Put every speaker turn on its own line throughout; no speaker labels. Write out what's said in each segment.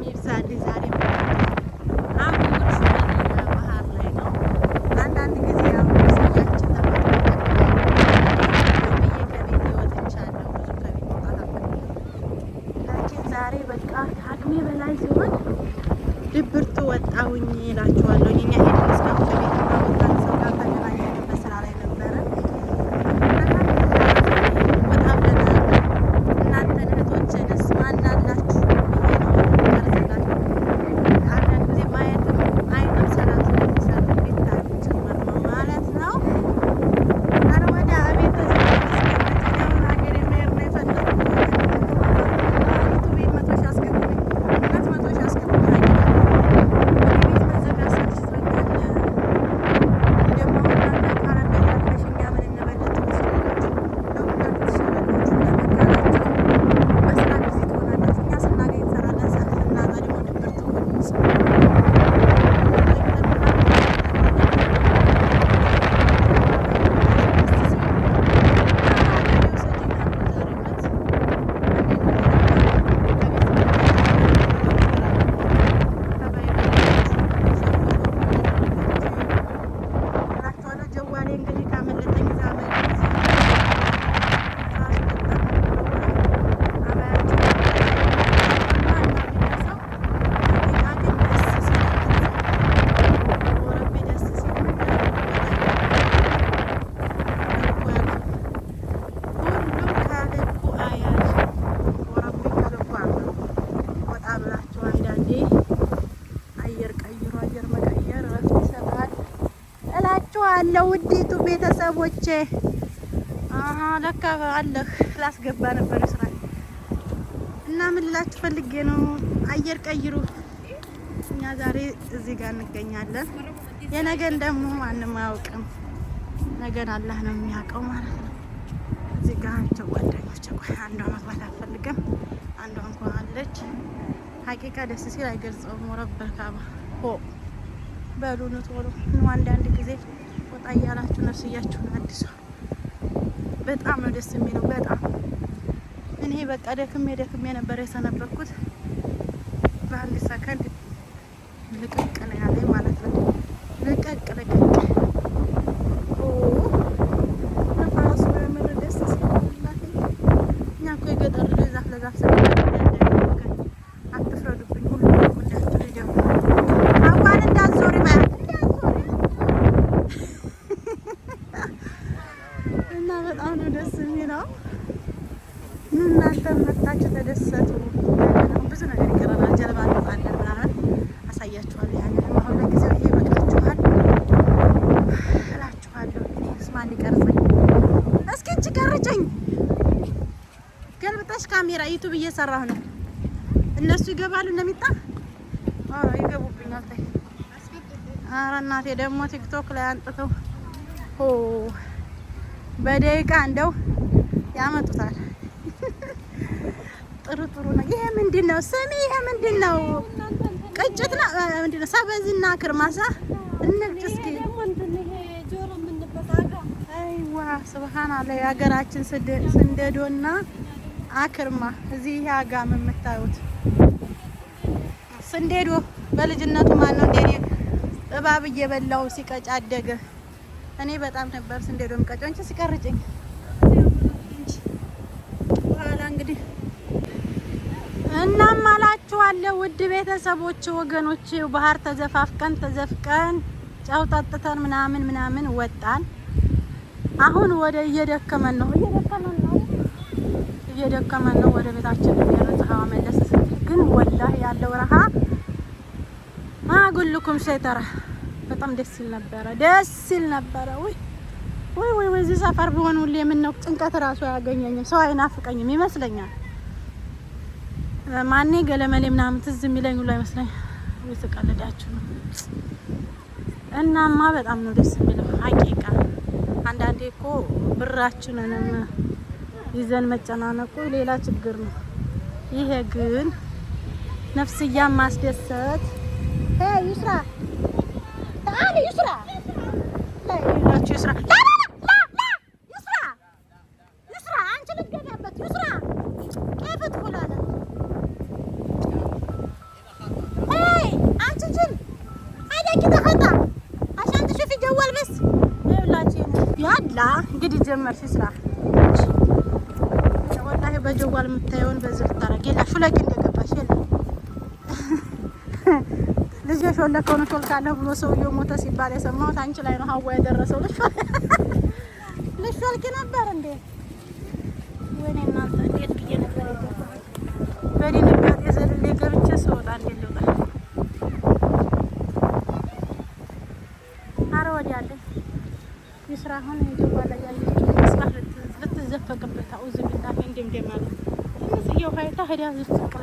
Mirza Dizi አለ ውዲቱ ቤተሰቦቼ። ለካ አለህ ላስገባ ነበር ስራ እና ምን ልላችሁ ፈልጌ ነው፣ አየር ቀይሩ። እኛ ዛሬ እዚህ ጋር እንገኛለን። የነገን ደግሞ ማንም አያውቅም። ነገን አላህ ነው የሚያውቀው ማለት ነው። እዚህ ጋር ናቸው ጓደኞች። ቆይ አንዷ መግባት አልፈልግም። አንዷ እንኳን አለች። ሀቂቃ ደስ ሲል አይገልጸውም። ወረበርካባ ሆ በሉኑ ቶሎ አንዳንድ ጊዜ ወጣ እያላችሁ ነፍስያችሁን አድሷ። በጣም ነው ደስ የሚለው። በጣም እኔ በቃ ደክሜ ደክሜ ነበር የሰነበኩት በአንድ ሰከንድ ልቅቅ ነው ያለኝ ማለት ነው። ልቅቅ ልቅቅ እና በጣም ነው ደስ የሚለው። ምን እናንተ መጣችሁ ተደሰቱ። ብዙ ነገር ይቀረናል። ጀልባ እንወጣለን ምናምን አሳያችኋል። ያንንም አሁን ለጊዜው ይሄ ይበቃችኋል እላችኋለሁ። ስማ እንዲቀርጸኝ እስኪ እንጂ ቀርጨኝ። ገልብጠሽ ካሜራ ዩቱብ እየሰራሁ ነው። እነሱ ይገባሉ እንደሚጣ ይገቡብኛል። ኧረ እናቴ ደግሞ ቲክቶክ ላይ አንጥተው በደቂቃ እንደው ያመጡታል። ጥሩ ጥሩ ነው። ይሄ ምንድን ነው ስሚ? ይሄ ምንድን ነው? ቅጭት ነው ምንድን ነው? ሰበዝና ክርማሳ እንቅጭ እስኪ አይዋ ስብሃናላ የሀገራችን ስንደዶና አክርማ እዚህ ይሄ አጋም የምታዩት ስንዴዶ በልጅነቱ ማን ነው እንደኔ እባብ እየበላው ሲቀጭ አደገ። እኔ በጣም ነበር ስንዴ ዶም ቀጮ አንቺ ሲቀርጭኝ በኋላ እንግዲህ እናም አላችኋለሁ ውድ ቤተሰቦች ወገኖች፣ ባህር ተዘፋፍቀን ተዘፍቀን ጨው ጠጥተን ምናምን ምናምን ወጣን። አሁን ወደ እየደከመን ነው እየደከመን ነው እየደከመን ነው ወደ ቤታችን ፀሐዋ መለስ ግን ወላህ ያለው ረሃ ማጉልኩም ሸይጠራ በጣም ደስ ይል ነበረ፣ ደስ ይል ነበረ። ውይ ውይ ውይ እዚህ ሰፈር ቢሆን ሁሌ የምነው ጭንቀት ራሱ አያገኘኝም፣ ሰው አይናፍቀኝም ይመስለኛል። ማኔ ገለመሌ ምናምን ትዝ የሚለኝ ሁሉ አይመስለኝ። የተቀለዳችሁ ነው። እናማ በጣም ነው ደስ የሚለው ሀቂቃ። አንዳንዴ እኮ ብራችንንም ይዘን መጨናነቁ ሌላ ችግር ነው። ይሄ ግን ነፍስያ ማስደሰት ይስራ على يسرى طيب. إيه، لا لا يسرى لا لا لا لا يسرى يسرى انت اللي تقربت يسرى كيف ادخل هذا؟ اي انت الجن هذا كذا خطا عشان تشوفي جوال بس اي والله لا قد يتجمعش يسرى والله بجوال متايون بهذه الطريقه يلا شو لك ይዘሽ ወለከውን ትወልቃለህ ብሎ ሰውዬው ሞተ ሲባል የሰማሁት አንቺ ላይ ነው ሀዋ ያደረሰው ልሽ ልሽ ወልቂ ነበር እንዴ? ወይኔ እናንተ እንዴት ብዬ ነበር በድንጋጤ ዘልሌ ገብቼ ስወጣ እንዴት ልውጣ? አረ ወዲያ ይስራ አሁን ጆባ ላይ ያለ መስራት ልትዘፈቅበት አውዝ ብላ እንደምደማለ እዚህ የውሀይታ ሄዳ ዝፍቅለ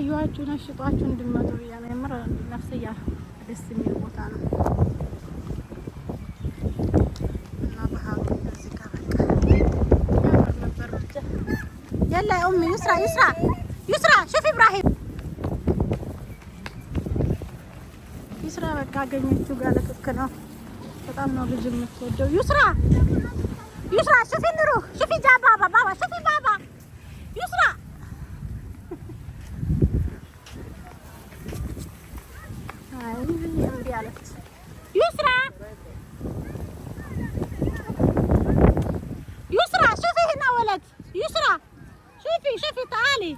እያዩዋችሁን አሽጧችሁ እንድመጡ ነው። የምር ነፍስያ ደስ የሚል ቦታ ነው እና ባህሩ እዚህ ጋር በቃ ያምር ነበር። ብቻ የላ ኡሚ ይስራ ይስራ ይስራ ሸፍ ኢብራሂም ይስራ በቃ አገኘችው ጋር ልክክ ነው። በጣም ነው ልጅ የምትወደው ይስራ ይስራ ሸፊ ንሩህ ሸፊ ጃባባ ባባ ሸፊ ባባ ይስራ እምቢ አለች። ዩስራ ዩስራ ሹፊ هنا ولد ዩስራ ሹፊ ሹፊ تعالي